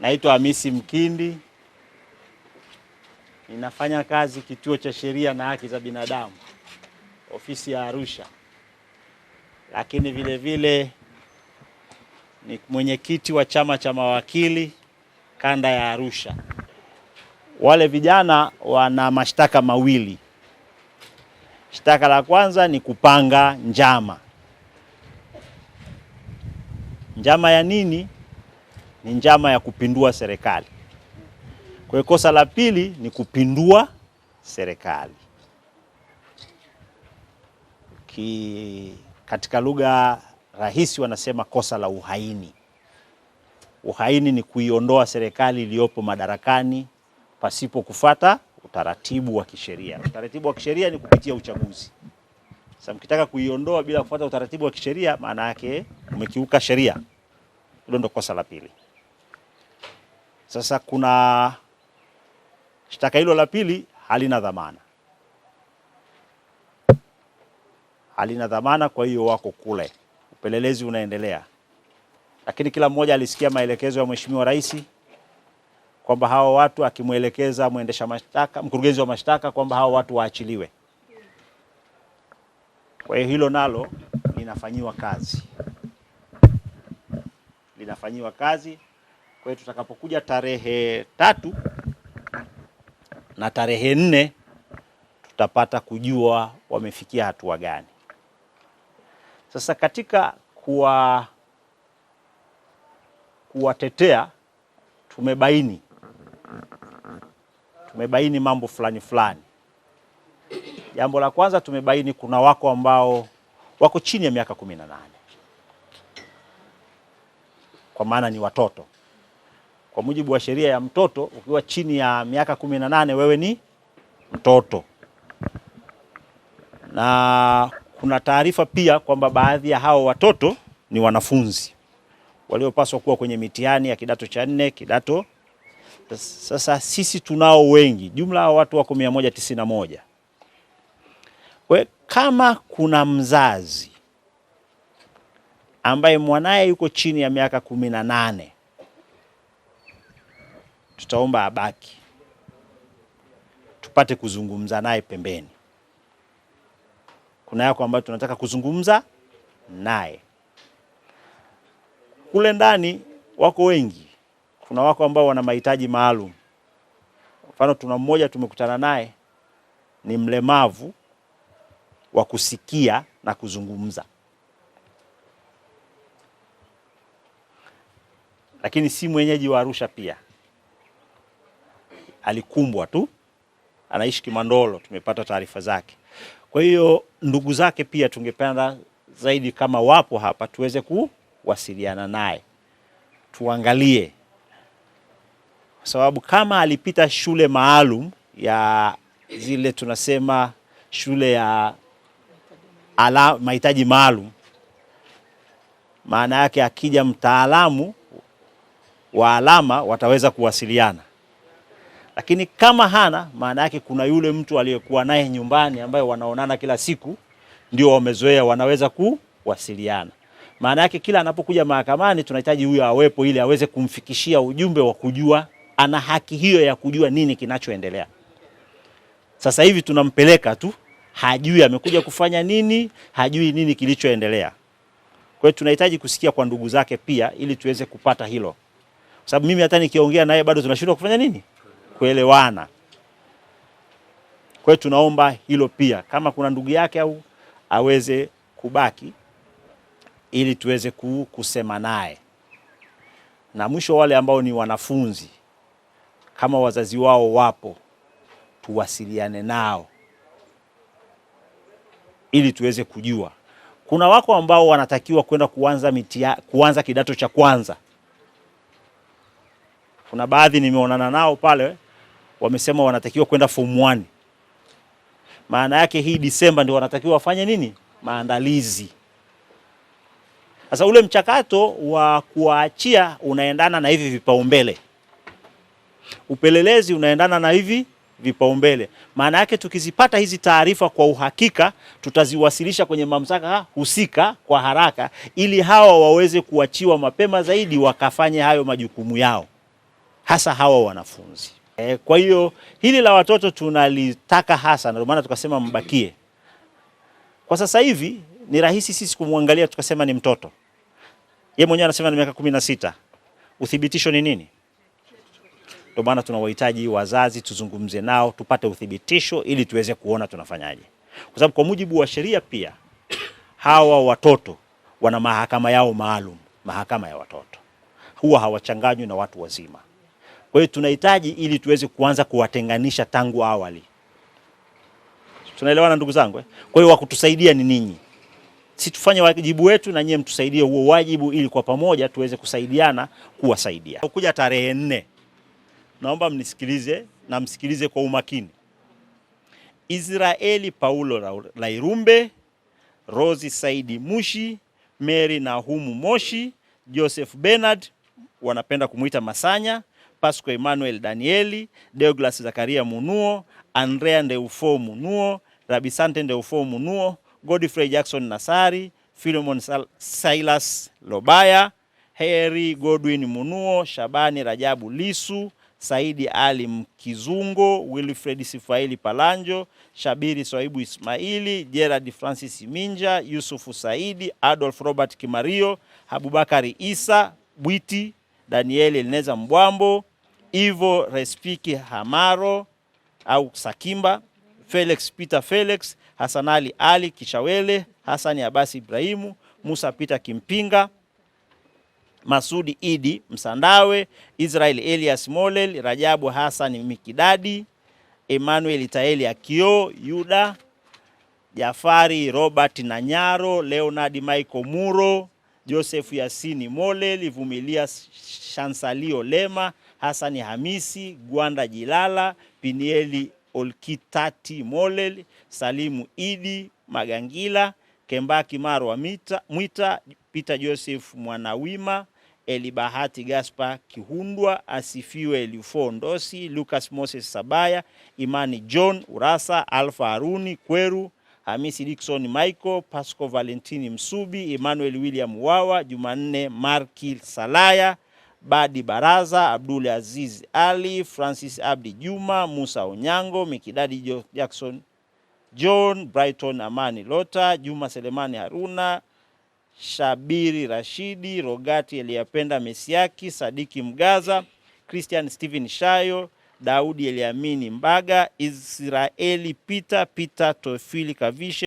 Naitwa Hamisi Mkindi, ninafanya kazi kituo cha sheria na haki za binadamu ofisi ya Arusha, lakini vile vile ni mwenyekiti wa chama cha mawakili kanda ya Arusha. Wale vijana wana mashtaka mawili. Shtaka la kwanza ni kupanga njama. Njama ya nini? ni njama ya kupindua serikali. Kwa hiyo kosa la pili ni kupindua serikali. Ki, katika lugha rahisi wanasema kosa la uhaini. Uhaini ni kuiondoa serikali iliyopo madarakani pasipo kufata utaratibu wa kisheria. Utaratibu wa kisheria ni kupitia uchaguzi. Sasa mkitaka kuiondoa bila kufuata utaratibu wa kisheria, maana yake umekiuka sheria. Hilo ndo kosa la pili. Sasa kuna shtaka hilo la pili halina dhamana, halina dhamana. Kwa hiyo wako kule, upelelezi unaendelea, lakini kila mmoja alisikia maelekezo ya Mheshimiwa Rais kwamba hawa watu akimwelekeza mwendesha mashtaka, mkurugenzi wa mashtaka kwamba hawa watu waachiliwe. Kwa hiyo hilo nalo linafanyiwa kazi, linafanyiwa kazi. Kwa hiyo tutakapokuja tarehe tatu na tarehe nne tutapata kujua wamefikia hatua gani. Sasa katika kuwa kuwatetea tumebaini tumebaini mambo fulani fulani. Jambo la kwanza tumebaini kuna wako ambao wako chini ya miaka kumi na nane kwa maana ni watoto kwa mujibu wa sheria ya mtoto ukiwa chini ya miaka kumi na nane wewe ni mtoto, na kuna taarifa pia kwamba baadhi ya hao watoto ni wanafunzi waliopaswa kuwa kwenye mitihani ya kidato cha nne, kidato. Sasa sisi tunao wengi, jumla ya watu wako mia moja tisini na moja. Kwa kama kuna mzazi ambaye mwanaye yuko chini ya miaka kumi na nane tutaomba abaki tupate kuzungumza naye pembeni. Kuna yako ambayo tunataka kuzungumza naye kule ndani. Wako wengi, kuna wako ambao wana mahitaji maalum. Mfano, tuna mmoja tumekutana naye ni mlemavu wa kusikia na kuzungumza, lakini si mwenyeji wa Arusha pia alikumbwa tu, anaishi Kimandolo, tumepata taarifa zake. Kwa hiyo ndugu zake pia tungependa zaidi kama wapo hapa tuweze kuwasiliana naye tuangalie, kwa sababu kama alipita shule maalum ya zile tunasema shule ya ala mahitaji maalum, maana yake akija mtaalamu wa alama wataweza kuwasiliana. Lakini kama hana, maana yake kuna yule mtu aliyekuwa naye nyumbani ambaye wanaonana kila siku, ndio wamezoea, wanaweza kuwasiliana. Maana yake kila anapokuja mahakamani tunahitaji huyo awepo, ili aweze kumfikishia ujumbe wa kujua ana haki hiyo ya kujua nini kinachoendelea. Sasa hivi tunampeleka tu, hajui amekuja kufanya nini, hajui nini kilichoendelea. Kwa hiyo tunahitaji kusikia kwa ndugu zake pia, ili tuweze kupata hilo, sababu mimi hata nikiongea naye bado tunashindwa kufanya nini kuelewana. Kwa hiyo tunaomba hilo pia, kama kuna ndugu yake au aweze kubaki ili tuweze kusema naye. Na mwisho, wale ambao ni wanafunzi, kama wazazi wao wapo, tuwasiliane nao ili tuweze kujua. Kuna wako ambao wanatakiwa kwenda kuanza mitia, kuanza kidato cha kwanza. Kuna baadhi nimeonana nao pale wamesema wanatakiwa kwenda form 1. Maana yake hii Disemba ndio wanatakiwa wafanye nini? Maandalizi. Sasa ule mchakato wa kuwaachia unaendana na hivi vipaumbele, upelelezi unaendana na hivi vipaumbele. Maana yake tukizipata hizi taarifa kwa uhakika, tutaziwasilisha kwenye mamlaka husika kwa haraka, ili hawa waweze kuachiwa mapema zaidi, wakafanye hayo majukumu yao, hasa hawa wanafunzi. Eh, kwa hiyo hili la watoto tunalitaka hasa, ndio maana tukasema mbakie. Kwa sasa hivi ni rahisi sisi kumwangalia tukasema ni mtoto, Yeye mwenyewe anasema na miaka kumi na sita, uthibitisho ni nini? Ndio maana tunawahitaji wazazi, tuzungumze nao tupate uthibitisho ili tuweze kuona tunafanyaje, kwa sababu kwa mujibu wa sheria pia hawa watoto wana mahakama yao maalum, mahakama ya watoto huwa hawachanganywi na watu wazima. Kwa hiyo tunahitaji ili tuweze kuanza kuwatenganisha tangu awali. Tunaelewana ndugu zangu eh? Kwa hiyo wakutusaidia ni ninyi, si tufanye wajibu wetu na nyie mtusaidie huo wajibu, ili kwa pamoja tuweze kusaidiana kuwasaidia. Kuja tarehe nne, naomba mnisikilize na msikilize kwa umakini. Israeli Paulo Lairumbe, Rosi Saidi Mushi, Mary Nahumu Moshi, Joseph Bernard wanapenda kumwita Masanya Pasco Emmanuel Danieli, Deoglas Zakaria Munuo, Andrea Ndeufo Munuo, Rabisante Ndeufo Munuo, Godfrey Jackson Nasari, Philemon Silas Lobaya, Heri Godwin Munuo, Shabani Rajabu Lisu, Saidi Ali Mkizungo, Wilfred Sifaili Palanjo, Shabiri Swaibu Ismaili, Gerard Francis Minja, Yusufu Saidi, Adolf Robert Kimario, Habubakari Isa Bwiti, Daniel Elneza Mbwambo Ivo Respiki Hamaro au Sakimba, Felix Peter Felix, Hasanali Ali Kishawele, Hasani Abasi Ibrahimu, Musa Peter Kimpinga, Masudi Idi Msandawe, Israel Elias Molel, Rajabu Hasani Mikidadi, Emmanuel Itaeli Akio, Yuda Jafari Robert Nanyaro, Leonard Michael Muro, Joseph Yasini Molel, Vumilia Shansalio Lema Hasani Hamisi, Gwanda Jilala, Pinieli Olkitati Molel, Salimu Idi Magangila, Kembaki Marwa Mwita, Peter Joseph Mwanawima, Elibahati Gaspar Kihundwa, Asifiwe Elifo Ndosi, Lucas Moses Sabaya, Imani John Urasa, Alfa Haruni Kweru, Hamisi Dickson Michael, Pasco Valentini Msubi, Emmanuel William Wawa, Jumanne Marki Salaya Badi Baraza, Abdul Aziz Ali, Francis Abdi Juma, Musa Onyango, Mikidadi Jackson John, Brighton Amani Lota, Juma Selemani Haruna, Shabiri Rashidi, Rogati Eliyapenda Mesiaki, Sadiki Mgaza, Christian stephen Shayo, Daudi Eliamini Mbaga, Israeli Peter Peter Tofili Kavishe